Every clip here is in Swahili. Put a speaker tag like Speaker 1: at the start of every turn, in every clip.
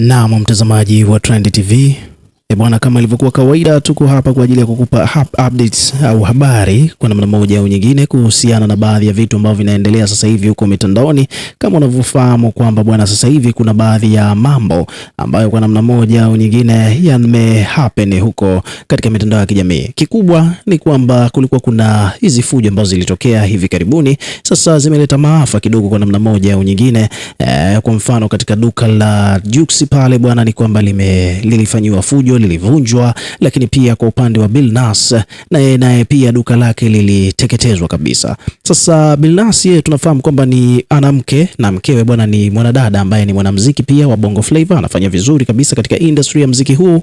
Speaker 1: Naam, mtazamaji wa Trend TV E bwana, kama ilivyokuwa kawaida, tuko hapa kwa ajili ya kukupa updates au habari kwa namna moja au nyingine kuhusiana na baadhi ya vitu ambavyo vinaendelea sasa hivi huko mitandaoni. Kama unavyofahamu kwamba bwana, sasa hivi kuna baadhi ya mambo ambayo kwa namna moja au nyingine happen huko katika mitandao ya kijamii. Kikubwa ni kwamba kulikuwa kuna hizi fujo ambazo zilitokea hivi karibuni, sasa zimeleta maafa kidogo kwa namna moja au nyingine. E, kwa mfano katika duka la Jux pale bwana, ni kwamba lime lilifanyiwa fujo lilivunjwa, lakini pia kwa upande wa na yeye naye pia duka lake liliteketezwa kabisa. Sasa Billnas yeye tunafahamu kwamba ni anamke na mkewe bwana ni mwanadada ambaye ni mwanamuziki pia wa Bongo Flava, anafanya vizuri kabisa katika industry ya muziki huu.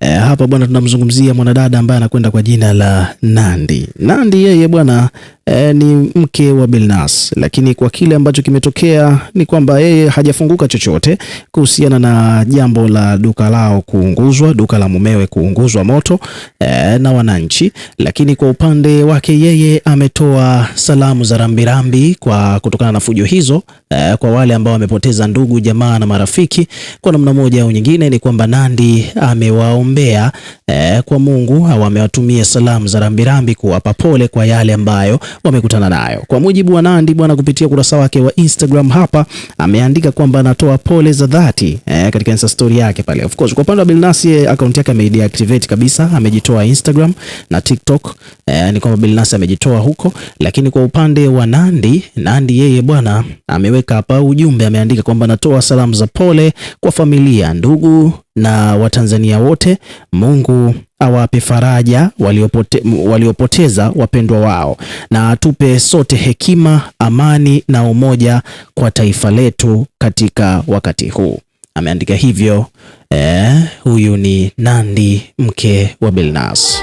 Speaker 1: Eh, hapa bwana tunamzungumzia mwanadada ambaye anakwenda kwa jina la Nandi. Nandi yeye bwana e, ni mke wa Bilnas, lakini kwa kile ambacho kimetokea ni kwamba yeye hajafunguka chochote kuhusiana na jambo la duka lao kuunguzwa, duka la mumewe kuunguzwa moto e, na wananchi. Lakini kwa upande wake yeye ametoa salamu za rambirambi kwa kutokana na fujo hizo e, kwa wale ambao wamepoteza ndugu, jamaa na marafiki. Kwa namna moja au nyingine ni kwamba Nandi amewaombea e, kwa Mungu au amewatumia salamu za rambirambi kuwapa pole kwa yale ambayo wamekutana nayo. Kwa mujibu wa Nandy bwana, kupitia ukurasa wake wa Instagram hapa ameandika kwamba anatoa pole za dhati eh, katika insta story yake pale. Of course kwa upande wa Billnass akaunti yake ameideactivate kabisa, amejitoa Instagram na TikTok eh, ni kwamba Billnass amejitoa huko, lakini kwa upande wa Nandy, Nandy yeye bwana ameweka hapa ujumbe, ameandika kwamba anatoa salamu za pole kwa familia, ndugu na Watanzania wote. Mungu awape faraja waliopote, waliopoteza wapendwa wao na atupe sote hekima, amani na umoja kwa taifa letu katika wakati huu. Ameandika hivyo eh, huyu ni Nandi mke wa belnas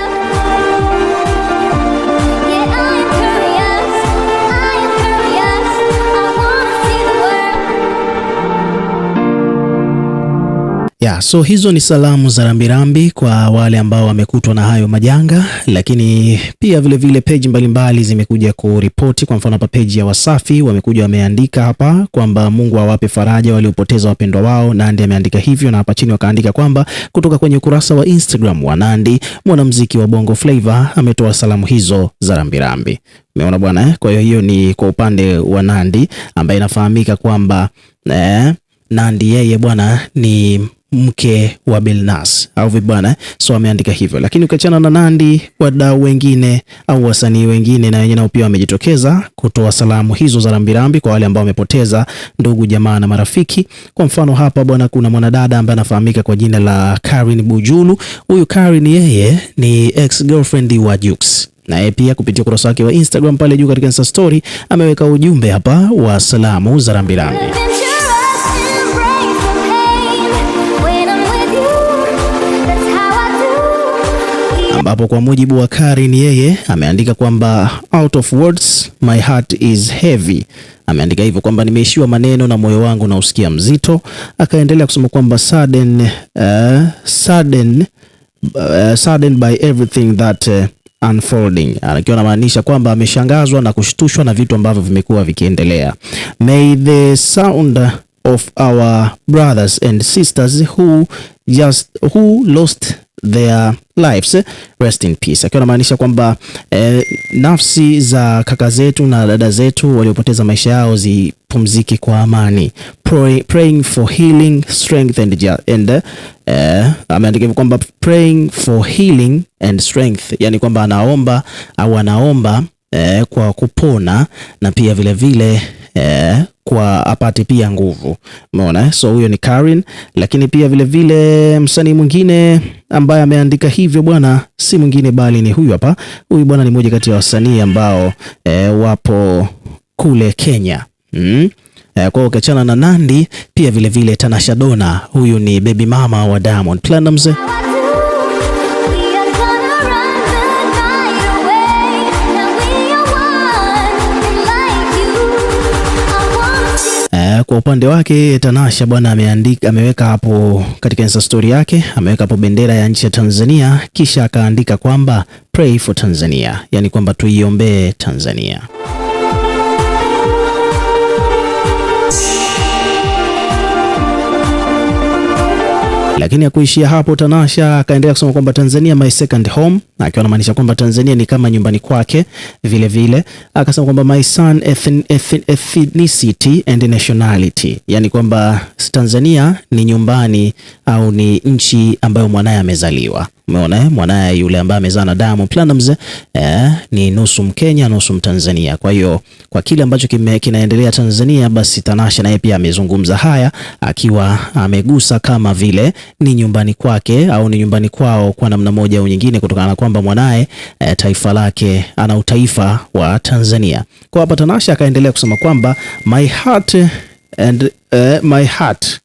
Speaker 1: Ya, so hizo ni salamu za rambirambi kwa wale ambao wamekutwa na hayo majanga, lakini pia vilevile vile peji mbalimbali zimekuja kuripoti. Kwa mfano hapa peji ya Wasafi wamekuja wameandika hapa kwamba Mungu awape faraja waliopoteza wapendwa wao. Nandi ameandika hivyo, na hapa chini wakaandika kwamba kutoka kwenye ukurasa wa Instagram wa Nandi, mwanamuziki wa Bongo Flava ametoa salamu hizo za rambirambi. Umeona bwana eh? Kwa hiyo hiyo ni kwa upande wa Nandi ambaye inafahamika kwamba eh, Nandi yeye bwana ni mke wa Belnas au vibana, eh? so ameandika hivyo. Lakini ukiachana na Nandi, wadau wengine au wasanii wengine na wenyewe nao pia wamejitokeza kutoa salamu hizo za rambirambi kwa wale ambao wamepoteza ndugu, jamaa na marafiki. Kwa mfano hapa bwana, kuna mwanadada ambaye anafahamika kwa jina la Karin Bujulu. Huyu Karin yeye ni ex girlfriend wa Jux naye pia kupitia ukurasa wake wa Instagram pale juu katika Insta story ameweka ujumbe hapa wa salamu za rambirambi. ambapo kwa mujibu wa Karin yeye ameandika kwamba out of words my heart is heavy. Ameandika hivyo kwamba nimeishiwa maneno na moyo wangu na usikia mzito. Akaendelea kusema kwamba sudden, uh, sudden, uh, sudden by everything that uh, unfolding akiwa anamaanisha kwamba ameshangazwa na kushtushwa na vitu ambavyo vimekuwa vikiendelea. May the sound of our brothers and sisters who just who lost their lives rest in peace, akiwa anamaanisha kwamba eh, nafsi za kaka zetu na dada zetu waliopoteza maisha yao zipumzike kwa amani. Pray, praying for healing strength and, and eh, ameandika hivyo kwamba praying for healing and strength, yani kwamba anaomba au anaomba eh, kwa kupona na pia vilevile vile, eh, kwa apate pia nguvu. Umeona, so huyo ni Karin, lakini pia vile vile msanii mwingine ambaye ameandika hivyo bwana si mwingine bali ni huyu hapa. Huyu bwana ni mmoja kati ya wasanii ambao eh, wapo kule Kenya mm? Kwa ukiachana na Nandi pia vilevile Tanasha Dona, huyu ni baby mama wa Diamond Platnumz. kwa upande wake Tanasha bwana ameandika, ameweka hapo katika Insta story yake ameweka hapo bendera ya nchi ya Tanzania, kisha akaandika kwamba pray for Tanzania, yani kwamba tuiombee Tanzania. Lakini hakuishia hapo, Tanasha akaendelea kusema kwamba Tanzania my second home, na akiwa anamaanisha kwamba Tanzania ni kama nyumbani kwake vile vile. Akasema kwamba my son ethnicity and nationality, yani kwamba Tanzania ni nyumbani au ni nchi ambayo mwanaye amezaliwa. Umeona, eh? mwanaye yule ambaye amezaa na Diamond Platnumz eh, ni nusu Mkenya nusu Mtanzania. Kwa hiyo kwa kile ambacho kime, kinaendelea Tanzania, basi Tanasha naye pia amezungumza haya akiwa amegusa kama vile ni nyumbani kwake au ni nyumbani kwao kwa namna moja au nyingine, kutokana na kwamba mwanaye eh, taifa lake ana utaifa wa Tanzania. Kwa hapa Tanasha akaendelea kusema kwamba my heart and uh, my heart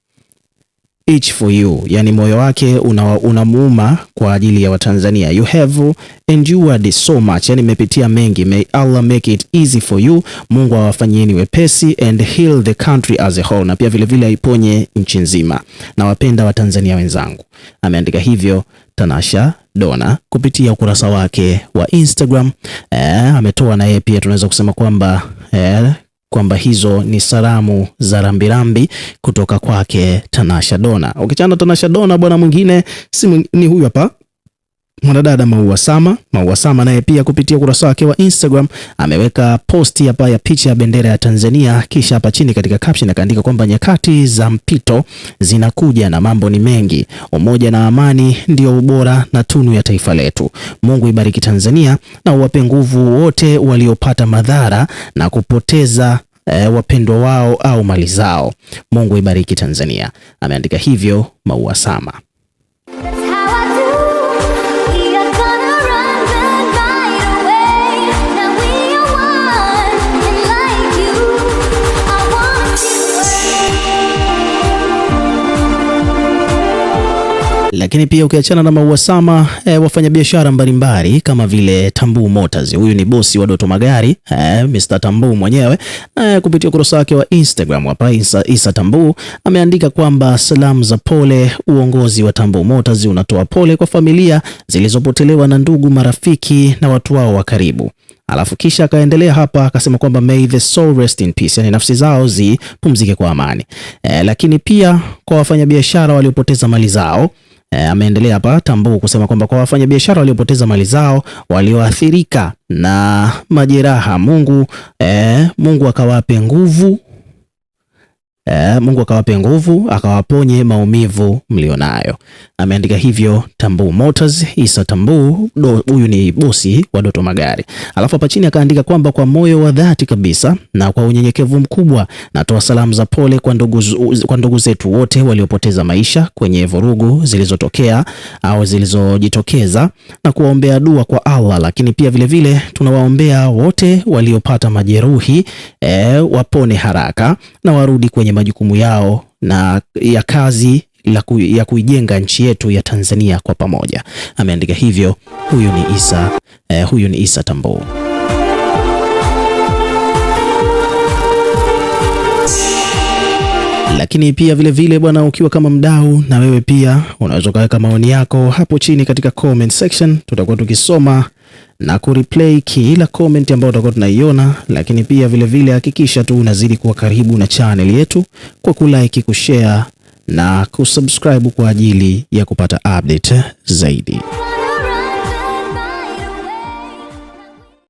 Speaker 1: each for you, yani moyo wake unamuuma una kwa ajili ya Watanzania. You have endured so much, yani imepitia mengi. May Allah make it easy for you, Mungu awafanyieni wepesi and heal the country as a whole, na pia vilevile aiponye nchi nzima. Nawapenda Watanzania wenzangu. Ameandika hivyo Tanasha Dona kupitia ukurasa wake wa Instagram. Eh, ametoa na yeye pia tunaweza kusema kwamba eh, kwamba hizo ni salamu za rambirambi kutoka kwake Tanasha Dona. Ukichana Tanasha Dona, bwana mwingine si ni huyu hapa mwanadada Maua Sama. Maua Sama naye pia kupitia ukurasa wake wa Instagram ameweka posti hapa ya picha ya bendera ya Tanzania, kisha hapa chini katika caption akaandika kwamba nyakati za mpito zinakuja na mambo ni mengi, umoja na amani ndio ubora na tunu ya taifa letu. Mungu ibariki Tanzania na uwape nguvu wote waliopata madhara na kupoteza e, wapendwa wao au mali zao. Mungu ibariki Tanzania. Ameandika hivyo Maua Sama. lakini pia ukiachana na mauasama e, wafanyabiashara mbalimbali kama vile Tambu Motors, huyu ni bosi wa Doto Magari e, Mr Tambu mwenyewe e, kupitia ukurasa wake wa Instagram hapa Isa, Isa Tambu ameandika kwamba salamu za pole, uongozi wa Tambu Motors unatoa pole kwa familia zilizopotelewa na ndugu, marafiki na watu wao wa karibu. Alafu kisha akaendelea hapa akasema kwamba may the soul rest in peace, yani nafsi zao zipumzike kwa amani e, lakini pia kwa wafanyabiashara waliopoteza mali zao e, ameendelea hapa Tambuku kusema kwamba kwa wafanyabiashara waliopoteza mali zao, walioathirika na majeraha, Mungu e, Mungu akawape nguvu eh, Mungu akawape nguvu akawaponye maumivu mlionayo. Ameandika hivyo Tambu Motors, Isa Tambu, huyu ni bosi wa Doto Magari. Alafu hapa chini akaandika kwamba kwa moyo wa dhati kabisa na kwa unyenyekevu mkubwa natoa salamu za pole kwa ndugu, kwa ndugu zetu wote waliopoteza maisha kwenye vurugu zilizotokea au zilizojitokeza na kuwaombea dua kwa Allah, lakini pia vilevile vile, tunawaombea wote waliopata majeruhi eh, wapone haraka na warudi kwenye majukumu yao na ya kazi ya kuijenga nchi yetu ya Tanzania kwa pamoja. Ameandika hivyo, huyu ni Isa eh, huyu ni Isa Tambuu. lakini pia vilevile bwana, ukiwa kama mdau na wewe pia unaweza ukaweka maoni yako hapo chini katika comment section. Tutakuwa tukisoma na kureplay kila comment ambayo utakuwa tunaiona, lakini pia vilevile hakikisha tu unazidi kuwa karibu na channel yetu kwa kulike, kushare na kusubscribe kwa ajili ya kupata update zaidi.